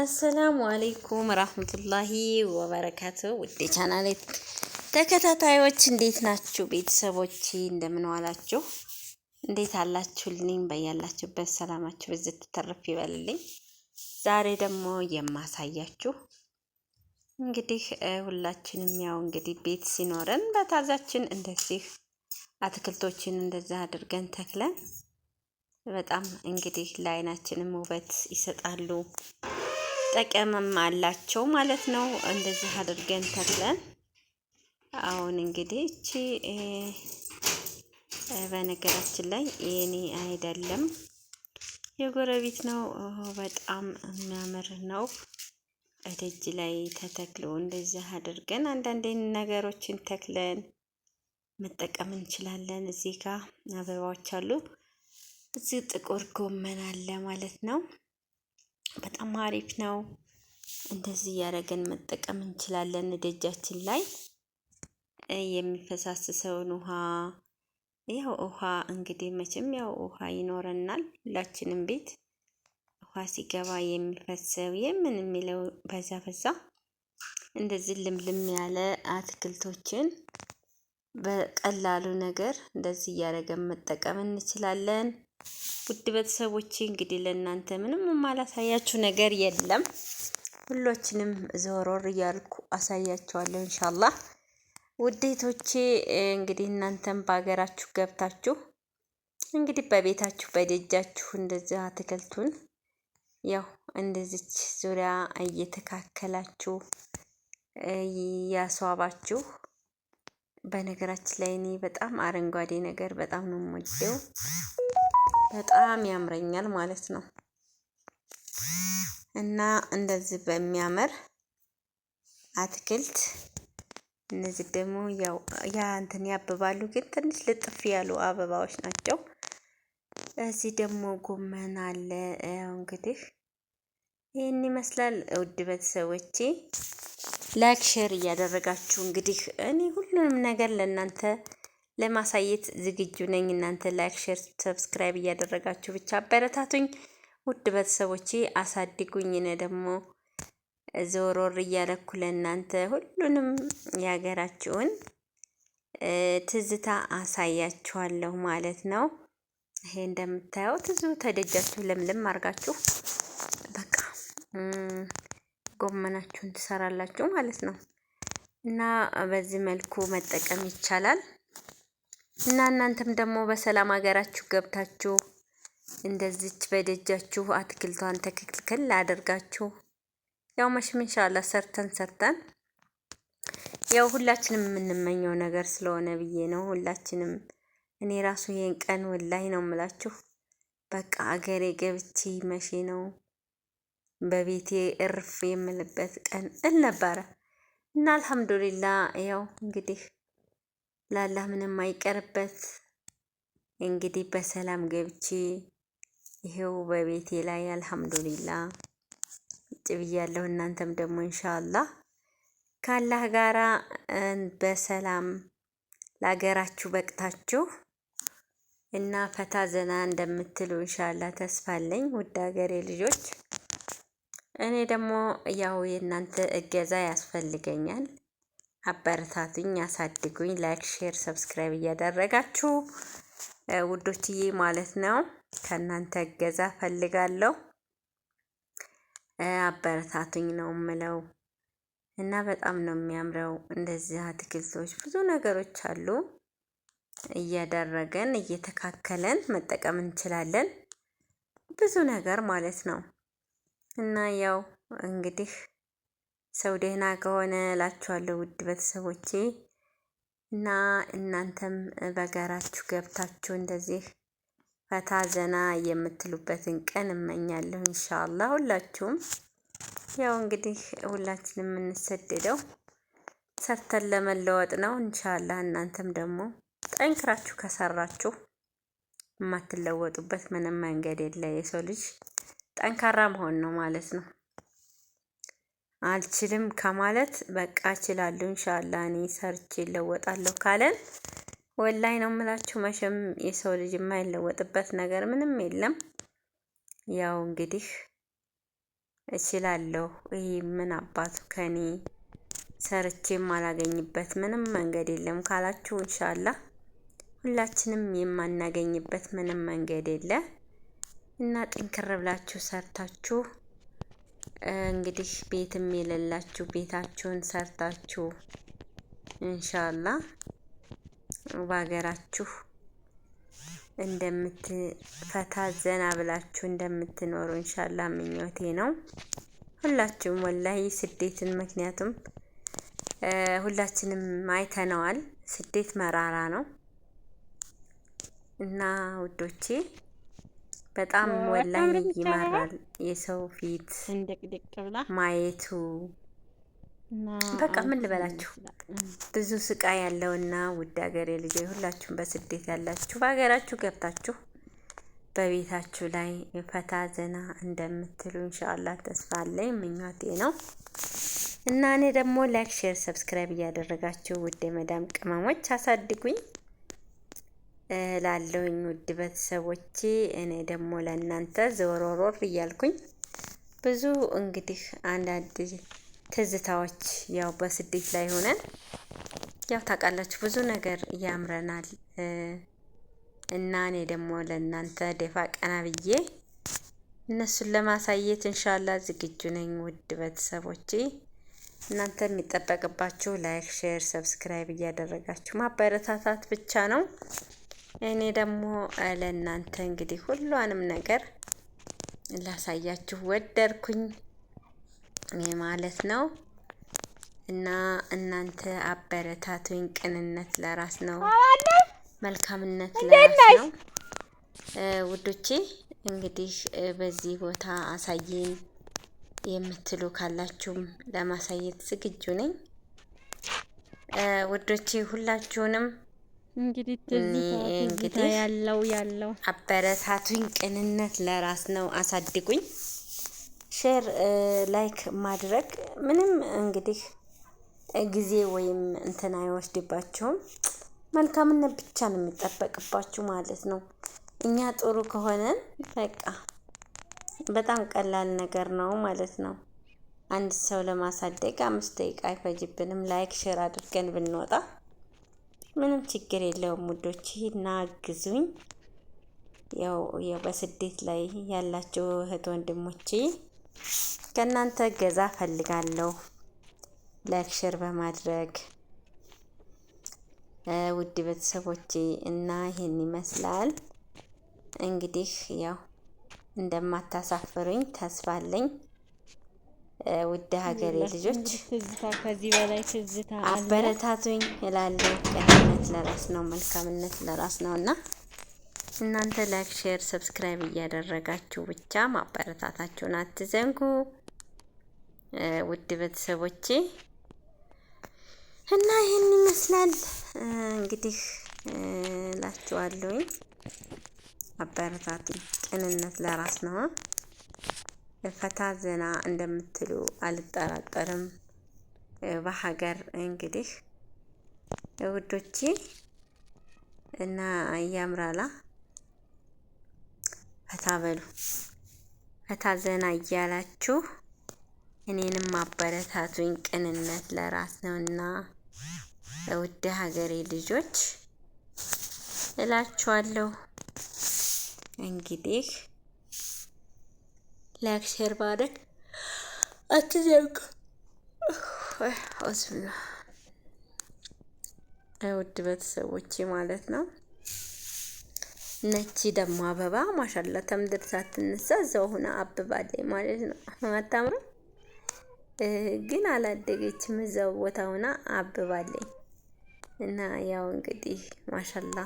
አሰላሙ አሌይኩም ራህመቱላሂ ወበረካቱ። ውዴ ቻናሌ ተከታታዮች እንዴት ናችሁ? ቤተሰቦች እንደምን ዋላችሁ? እንዴት አላችሁልኝ? በያላችሁበት ሰላማችሁ ብዝት ትተርፍ ይበልልኝ። ዛሬ ደግሞ የማሳያችሁ እንግዲህ ሁላችንም ያው እንግዲህ ቤት ሲኖረን በታዛችን እንደዚህ አትክልቶችን እንደዛ አድርገን ተክለን በጣም እንግዲህ ለአይናችንም ውበት ይሰጣሉ። ጠቀምም አላቸው ማለት ነው። እንደዚህ አድርገን ተክለን አሁን እንግዲህ እቺ በነገራችን ላይ የኔ አይደለም የጎረቤት ነው። በጣም የሚያምር ነው። እደጅ ላይ ተተክሎ እንደዚህ አድርገን አንዳንድ ነገሮችን ተክለን መጠቀም እንችላለን። እዚህ ጋር አበባዎች አሉ። እዚህ ጥቁር ጎመን አለ ማለት ነው። በጣም አሪፍ ነው። እንደዚህ እያደረገን መጠቀም እንችላለን። ደጃችን ላይ የሚፈሳስሰውን ውሃ ያው ውሃ እንግዲህ መቼም ያው ውሃ ይኖረናል ሁላችንም ቤት ውሃ ሲገባ የሚፈሰው የምን የሚለው በዛ በዛ እንደዚህ ልምልም ያለ አትክልቶችን በቀላሉ ነገር እንደዚህ እያደረገን መጠቀም እንችላለን። ውድ ቤተሰቦቼ እንግዲህ ለእናንተ ምንም የማላሳያችሁ ነገር የለም። ሁሎችንም ዘወሮር እያልኩ አሳያቸዋለሁ። እንሻላ ውዴቶቼ እንግዲህ እናንተም በሀገራችሁ ገብታችሁ እንግዲህ በቤታችሁ በደጃችሁ እንደዚህ አትክልቱን ያው እንደዚች ዙሪያ እየተካከላችሁ እያስዋባችሁ። በነገራችን ላይ እኔ በጣም አረንጓዴ ነገር በጣም ነው የምወደው። በጣም ያምረኛል ማለት ነው። እና እንደዚህ በሚያምር አትክልት እነዚህ ደግሞ ያ እንትን ያብባሉ፣ ግን ትንሽ ልጥፍ ያሉ አበባዎች ናቸው። እዚህ ደግሞ ጎመን አለ። እንግዲህ ይህን ይመስላል ውድ ቤተሰቦቼ፣ ላይክ ሼር እያደረጋችሁ እንግዲህ እኔ ሁሉንም ነገር ለእናንተ ለማሳየት ዝግጁ ነኝ። እናንተ ላይክ፣ ሼር፣ ሰብስክራይብ እያደረጋችሁ ብቻ አበረታቱኝ። ውድ ቤተሰቦቼ አሳድጉኝ። እኔ ደግሞ ዞሮር እያለኩ ለእናንተ ሁሉንም የሀገራችሁን ትዝታ አሳያችኋለሁ ማለት ነው። ይሄ እንደምታየው ትዙ ተደጃችሁ ለምለም አድርጋችሁ በቃ ጎመናችሁን ትሰራላችሁ ማለት ነው። እና በዚህ መልኩ መጠቀም ይቻላል። እና እናንተም ደግሞ በሰላም ሀገራችሁ ገብታችሁ እንደዚች በደጃችሁ አትክልቷን ተክልክል አድርጋችሁ ያው መሽም ኢንሻአላ ሰርተን ሰርተን ያው ሁላችንም የምንመኘው ነገር ስለሆነ ብዬ ነው። ሁላችንም እኔ ራሱ ይሄን ቀን ወላይ ነው የምላችሁ። በቃ አገሬ ገብቼ መቼ ነው በቤቴ እርፍ የምልበት ቀን እልነበረ እና አልሐምዱሊላ ያው እንግዲህ ለአላህ ምንም አይቀርበት። እንግዲህ በሰላም ገብቼ ይሄው በቤቴ ላይ አልሐምዱሊላ ቁጭ ብያለሁ። እናንተም ደግሞ ኢንሻአላህ ካላህ ጋራ በሰላም ለሀገራችሁ በቅታችሁ እና ፈታ ዘና እንደምትሉ ኢንሻአላህ ተስፋ አለኝ። ውድ ሀገሬ ልጆች እኔ ደግሞ ያው የእናንተ እገዛ ያስፈልገኛል። አበረታቱኝ፣ አሳድጉኝ። ላይክ፣ ሼር፣ ሰብስክራይብ እያደረጋችሁ ውዶችዬ ማለት ነው። ከእናንተ እገዛ ፈልጋለሁ። አበረታቱኝ ነው የምለው እና በጣም ነው የሚያምረው። እንደዚህ አትክልቶች ብዙ ነገሮች አሉ። እያደረገን እየተካከለን መጠቀም እንችላለን ብዙ ነገር ማለት ነው እና ያው እንግዲህ ሰው ደህና ከሆነ እላችኋለሁ ውድ ቤተሰቦቼ እና እናንተም በጋራችሁ ገብታችሁ እንደዚህ ፈታ ዘና የምትሉበትን ቀን እመኛለሁ። እንሻላ ሁላችሁም ያው እንግዲህ ሁላችን የምንሰደደው ሰርተን ለመለወጥ ነው። እንሻላ እናንተም ደግሞ ጠንክራችሁ ከሰራችሁ የማትለወጡበት ምንም መንገድ የለ። የሰው ልጅ ጠንካራ መሆን ነው ማለት ነው። አልችልም ከማለት በቃ እችላለሁ እንሻላ እኔ ሰርቼ እለወጣለሁ ካለን ወላይ ነው የምላችሁ። መቼም የሰው ልጅ የማይለወጥበት ነገር ምንም የለም። ያው እንግዲህ እችላለሁ፣ ይሄ ምን አባቱ ከኔ ሰርቼ የማላገኝበት ምንም መንገድ የለም ካላችሁ እንሻላ ሁላችንም የማናገኝበት ምንም መንገድ የለ እና ጠንከር ብላችሁ ሰርታችሁ እንግዲህ ቤትም የሌላችሁ ቤታችሁን ሰርታችሁ እንሻላ በሀገራችሁ እንደምትፈታ ዘና ብላችሁ እንደምትኖሩ እንሻላ ምኞቴ ነው። ሁላችሁም ወላሂ ስደትን ምክንያቱም ሁላችንም አይተነዋል። ስደት መራራ ነው እና ውዶቼ በጣም ወላሂ ይማራል የሰው ፊት ማየቱ። በቃ ምን ልበላችሁ ብዙ ስቃይ ያለውና ውድ ሀገሬ ልጅ ሁላችሁም በስደት ያላችሁ በሀገራችሁ ገብታችሁ በቤታችሁ ላይ ፈታ ዘና እንደምትሉ እንሻላ ተስፋ አለኝ፣ ምኞቴ ነው እና እኔ ደግሞ ላይክ፣ ሼር፣ ሰብስክራይብ እያደረጋችሁ ውድ የመዳም ቅመሞች አሳድጉኝ። ላለውኝ ውድ ቤተሰቦቼ እኔ ደግሞ ለእናንተ ዘወሮሮር እያልኩኝ ብዙ እንግዲህ አንዳንድ ትዝታዎች ያው በስደት ላይ ሆነን ያው ታውቃላችሁ ብዙ ነገር ያምረናል እና እኔ ደግሞ ለእናንተ ደፋ ቀና ብዬ እነሱን ለማሳየት እንሻላ ዝግጁ ነኝ። ውድ ቤተሰቦቼ እናንተ የሚጠበቅባችሁ ላይክ፣ ሼር፣ ሰብስክራይብ እያደረጋችሁ ማበረታታት ብቻ ነው። እኔ ደግሞ ለእናንተ እንግዲህ ሁሏንም ነገር ላሳያችሁ ወደድኩኝ ማለት ነው። እና እናንተ አበረታቱኝ። ቅንነት ለራስ ነው፣ መልካምነት ለራስ ነው ውዶቼ። እንግዲህ በዚህ ቦታ አሳየኝ የምትሉ ካላችሁም ለማሳየት ዝግጁ ነኝ ውዶቼ ሁላችሁንም እንግዲህ ትዝታ ያለው ያለው አበረታቱኝ። ቅንነት ለራስ ነው። አሳድጉኝ። ሼር ላይክ ማድረግ ምንም እንግዲህ ጊዜ ወይም እንትን አይወስድባችሁም። መልካምነት ብቻ ነው የሚጠበቅባችሁ ማለት ነው። እኛ ጥሩ ከሆነን በቃ በጣም ቀላል ነገር ነው ማለት ነው። አንድ ሰው ለማሳደግ አምስት ደቂቃ አይፈጅብንም። ላይክ ሼር አድርገን ብንወጣ ምንም ችግር የለውም ውዶች እና አግዙኝ። ያው በስደት ላይ ያላችሁ እህት ወንድሞቼ ከእናንተ ገዛ ፈልጋለሁ። ለክሽር በማድረግ ውድ ቤተሰቦቼ እና ይህን ይመስላል እንግዲህ ያው እንደማታሳፍሩኝ ተስፋ አለኝ። ውድ ሀገሬ ልጆች አበረታቱኝ እላለሁ። ቅንነት ለራስ ነው፣ መልካምነት ለራስ ነው እና እናንተ ላይክ፣ ሼር፣ ሰብስክራይብ እያደረጋችሁ ብቻ ማበረታታችሁን አትዘንጉ ውድ ቤተሰቦቼ እና ይህን ይመስላል እንግዲህ እላችኋለሁኝ። አበረታቱኝ። ቅንነት ለራስ ነው። ፈታ ዘና እንደምትሉ አልጠራጠርም። በሀገር እንግዲህ ውዶቼ እና እያምራላ ፈታ በሉ ፈታ ዘና እያላችሁ እኔንም አበረታቱኝ። ቅንነት ለራስ ነው ነውና ውድ ሀገሬ ልጆች እላችኋለሁ እንግዲህ ላይክ፣ ሼር ማድረግ አትዘንጉ። አውዝብላ ውድ ቤተሰቦቼ ማለት ነው። ነቺ ደግሞ አበባ ማሻላ ተምድር ሳትነሳ እዛው ሆና አብባለች ማለት ነው። አታምርም? ግን አላደገችም፣ እዛው ቦታ ሆና አብባለች እና ያው እንግዲህ ማሻላ።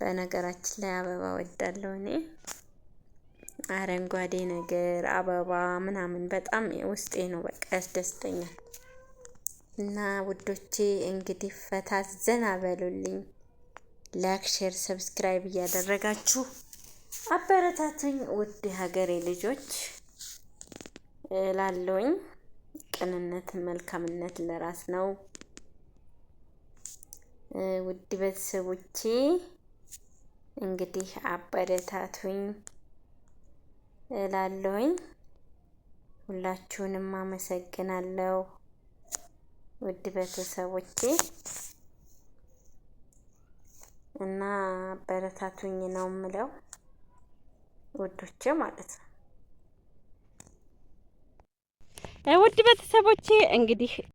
በነገራችን ላይ አበባ ወዳለው እኔ። አረንጓዴ ነገር አበባ ምናምን በጣም ውስጤ ነው በቃ ያስደስተኛል። እና ውዶቼ እንግዲህ ፈታ ዘና በሉልኝ። ላይክ፣ ሼር፣ ሰብስክራይብ እያደረጋችሁ አበረታቱኝ ውድ ሀገሬ ልጆች ላለውኝ ቅንነት መልካምነት ለራስ ነው። ውድ ቤተሰቦቼ እንግዲህ አበረታቱኝ። እላለሁኝ። ሁላችሁንም አመሰግናለሁ ውድ ቤተሰቦቼ እና በረታቱኝ ነው ምለው ውዶቼ ማለት ነው። ውድ ቤተሰቦቼ እንግዲህ